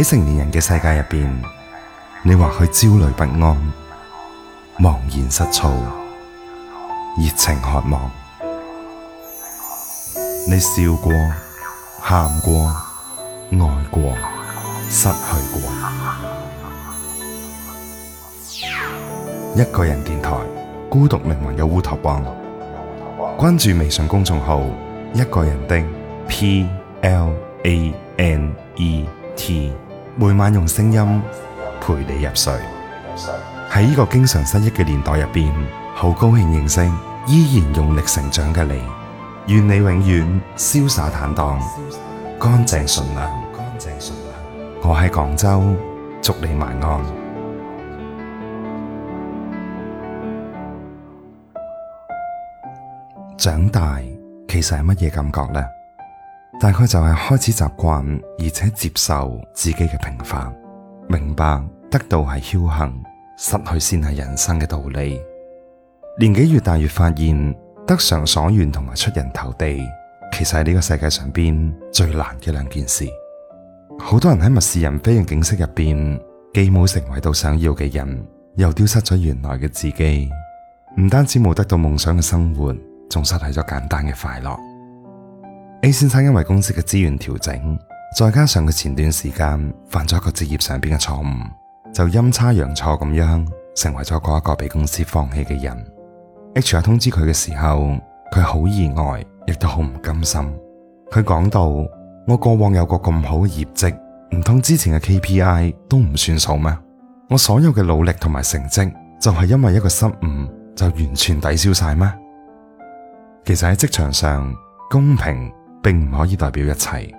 喺成年人嘅世界入邊，你或許焦慮不安、茫然失措、熱情渴望。你笑過、喊過、愛過、失去過。一個人電台，孤獨靈魂嘅烏托邦。關注微信公眾號“一個人的 P L A N E T”。每晚用聲音陪你入睡。在這個經常失蹤的年代裏，很高興，依然用力成長的你。願你永遠，消沙坦蕩，乾正純了。我在廣州，祝你滿岸。長大，其實是什麼感覺？大概就係開始習慣，而且接受自己嘅平凡，明白得到係僥倖，失去先係人生嘅道理。年紀越大，越發現得償所願同埋出人頭地，其實係呢個世界上邊最難嘅兩件事。好多人喺物是人非嘅景色入邊，既冇成為到想要嘅人，又丟失咗原來嘅自己。唔單止冇得到夢想嘅生活，仲失去咗簡單嘅快樂。A 先生因為公司嘅資源調整，再加上佢前段時間犯咗一個職業上面嘅錯誤，就陰差陽錯咁樣成為咗嗰一個被公司放棄嘅人。HR 通知佢嘅時候，佢好意外，亦都好唔甘心。佢講到：我過往有個咁好嘅業績，唔通之前嘅 KPI 都唔算數咩？我所有嘅努力同埋成績，就係因為一個失誤就完全抵消晒咩？其實喺職場上，公平，並唔可以代表一切，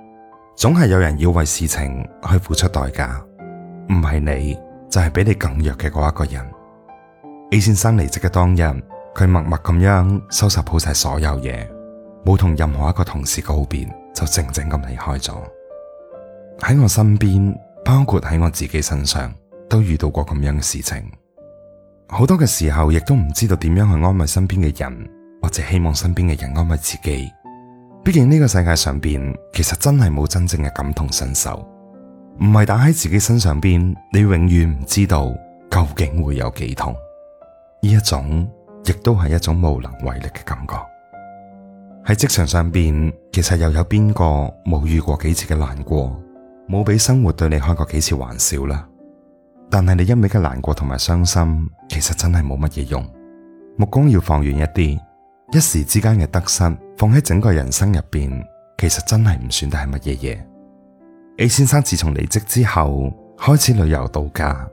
總係有人要為事情去付出代價，唔係你，就係比你更弱嘅嗰一個人。A 先生離職嘅當日，佢默默咁樣收拾好晒所有嘢，冇同任何一個同事告別，就靜靜咁離開咗。喺我身邊，包括喺我自己身上，都遇到過咁樣嘅事情。好多嘅時候，亦都唔知道點樣去安慰身邊嘅人，或者希望身邊嘅人安慰自己。畢竟呢個世界上面其實真係冇真正嘅感同身受，唔係打喺自己身上邊，你永遠唔知道究竟會有幾痛。呢一種亦都係一種無能為力嘅感覺。喺職場上面，其實又有邊個冇遇過幾次嘅難過，冇俾生活對你開過幾次玩笑啦。但係你一味嘅難過同埋傷心，其實真係冇乜嘢用。目光要放遠一啲，一時之間嘅得失。放喺整個人生入邊，其實真係唔算得係乜嘢嘢。A 先生自從離職之後，開始旅遊度假。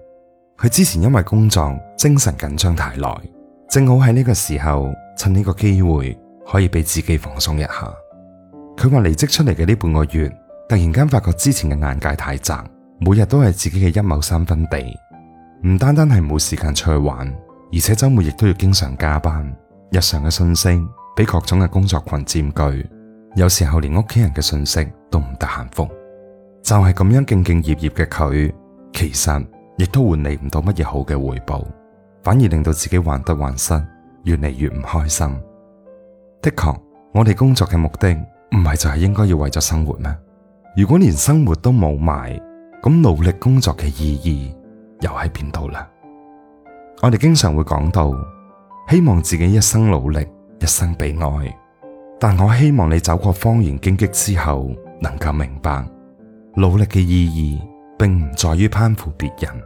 佢之前因為工作精神緊張太耐，正好喺呢個時候趁呢個機會可以俾自己放鬆一下。佢話離職出嚟嘅呢半個月，突然間發覺之前嘅眼界太窄，每日都係自己嘅一畝三分地，唔單單係冇時間出去玩，而且周末亦都要經常加班，日常嘅訊息。俾各種嘅工作群佔據，有時候連屋企人嘅信息都唔得閒覆，就係咁樣兢兢業業嘅佢，其實亦都換嚟唔到乜嘢好嘅回報，反而令到自己患得患失，越嚟越唔開心。的確，我哋工作嘅目的唔係就係應該要為咗生活咩？如果連生活都冇埋，咁努力工作嘅意義又喺邊度啦？我哋經常會講到，希望自己一生努力。一生被愛，但我希望你走過方圓荊棘之後，能夠明白努力嘅意義，並唔在於攀附別人，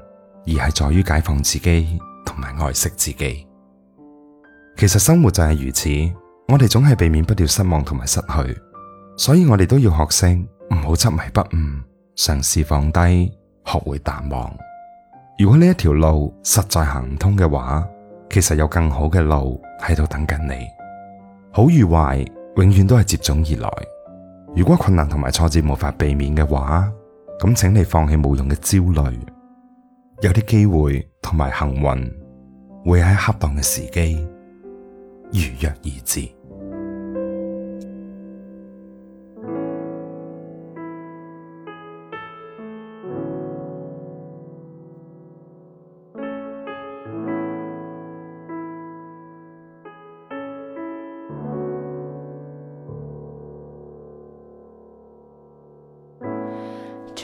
而係在於解放自己同埋愛惜自己。其實生活就係如此，我哋總係避免不了失望同埋失去，所以我哋都要學識唔好執迷不悟，嘗試放低，學會淡忘。如果呢一條路實在行唔通嘅話，其實有更好嘅路喺度等緊你。好與壞永遠都係接踵而來。如果困難同埋挫折無法避免嘅話，咁請你放棄無用嘅焦慮。有啲機會同埋幸運，會喺恰當嘅時機如約而至。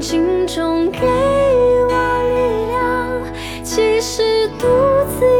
鏡中給我力量，即使獨自。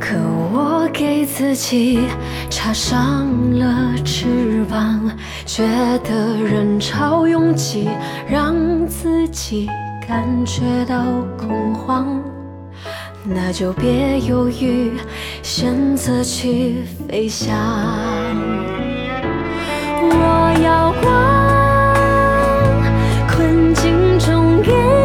可我給自己插上了翅膀，覺得人潮擁擠，讓自己感覺到恐慌。那就別猶豫，選擇去飛翔。我要光，困境中。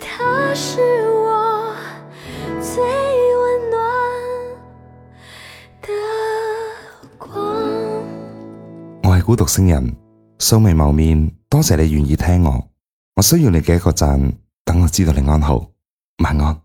他是我最溫暖的光。我係孤獨星人，素未謀面，多謝你願意聽我。我需要你嘅一個讚，等我知道你安好。晚安。